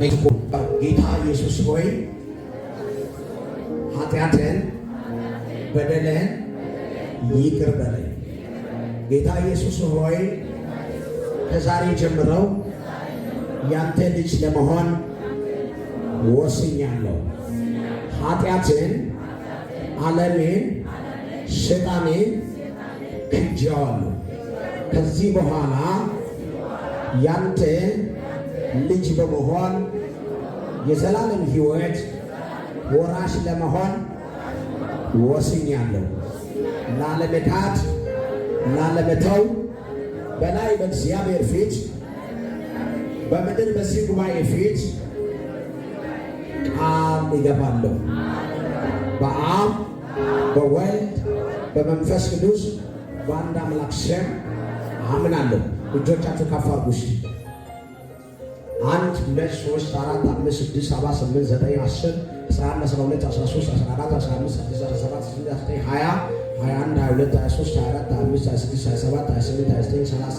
ጌታ ኢየሱስ ሆይ ኃጢአትህን በደልህን ይቅር በለኝ። ጌታ ኢየሱስ ሆይ ከዛሬ ጀምረው ያንተ ልጅ ለመሆን ወስኛለሁ። ኃጢአትን፣ ዓለሜን፣ ሰይጣኔን ክጄዋለሁ። ከዚህ በኋላ ያንተ ልጅ በመሆን የዘላለም ሕይወት ወራሽ ለመሆን ወስኛለሁ። ላለመካድ፣ ላለመተው በላይ በእግዚአብሔር ፊት በምድር በዚህ ጉባኤ ፊት ቃል ይገባለሁ። በአብ በወልድ በመንፈስ ቅዱስ በአንድ አምላክ ስም አምናለሁ። እጆቻችሁ ከፍ አድርጉ። አንድ ሁለት ሶስት አራት አምስት ስድስት ሰባ ስምንት ዘጠኝ አስር አስራ አንድ አስራ ሁለት አስራ ሶስት አስራ አራት አስራ አምስት ስድስት አስራ ሰባት ስምንት አስራ ዘጠኝ ሀያ ሀያ አንድ ሀያ ሁለት ሀያ ሶስት ሀያ አራት ሀያ አምስት ሀያ ስድስት ሀያ ሰባት ሀያ ስምንት ሀያ ዘጠኝ ሰላሳ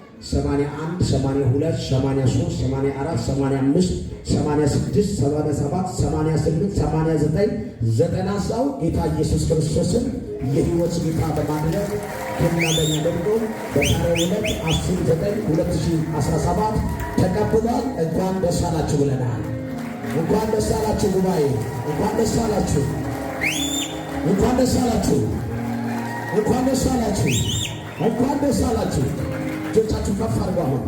81 82 83 84 85 86 77 አራት 89 90 ሰው ጌታ ኢየሱስ ክርስቶስን የህይወት ጌታ በማድረግ ከናገኝ ደግሞ በዛሬው ዕለት ሁለት ተቀብሏል። እንኳን ደስ አላችሁ ብለናል። እንኳን ደስ አላችሁ ጉባኤ፣ እንኳን ደስ አላችሁ፣ እንኳን ደስ አላችሁ፣ እንኳን ደስ አላችሁ፣ እንኳን ደስ አላችሁ። እጆቻችሁ ከፍ አሁን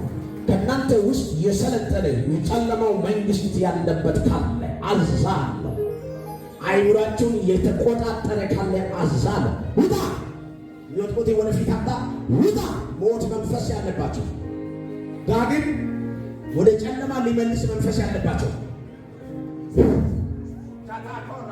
ከእናንተ ውስጥ የሰለጠነ የጨለማው መንግስት ያለበት ካለ አዛ አለው። አይኑራችሁን የተቆጣጠረ ካለ አዛ አለው። ውጣ የወጥቆቴ ወደፊት አምጣ ውጣ። ሞት መንፈስ ያለባቸው ዳግም ወደ ጨለማ ሊመልስ መንፈስ ያለባቸው ታታኮራ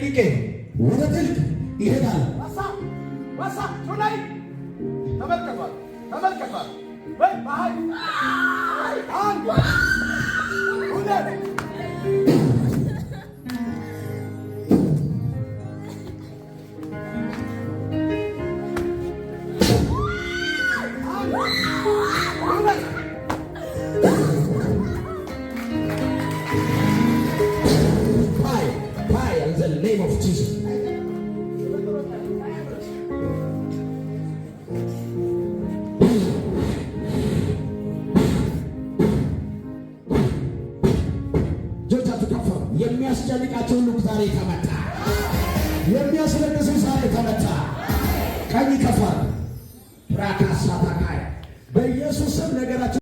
ደቂቄ ወደ ጥልቅ ይሄዳል። ዋሳ ላይ name of Jesus. የሚያስጨንቃቸው ሁሉ ዛሬ ተመታ። የሚያስለቅሱ ዛሬ ተመታ። ቀኝ ከፋ ራካሳታካይ በኢየሱስ ስም ነገራቸው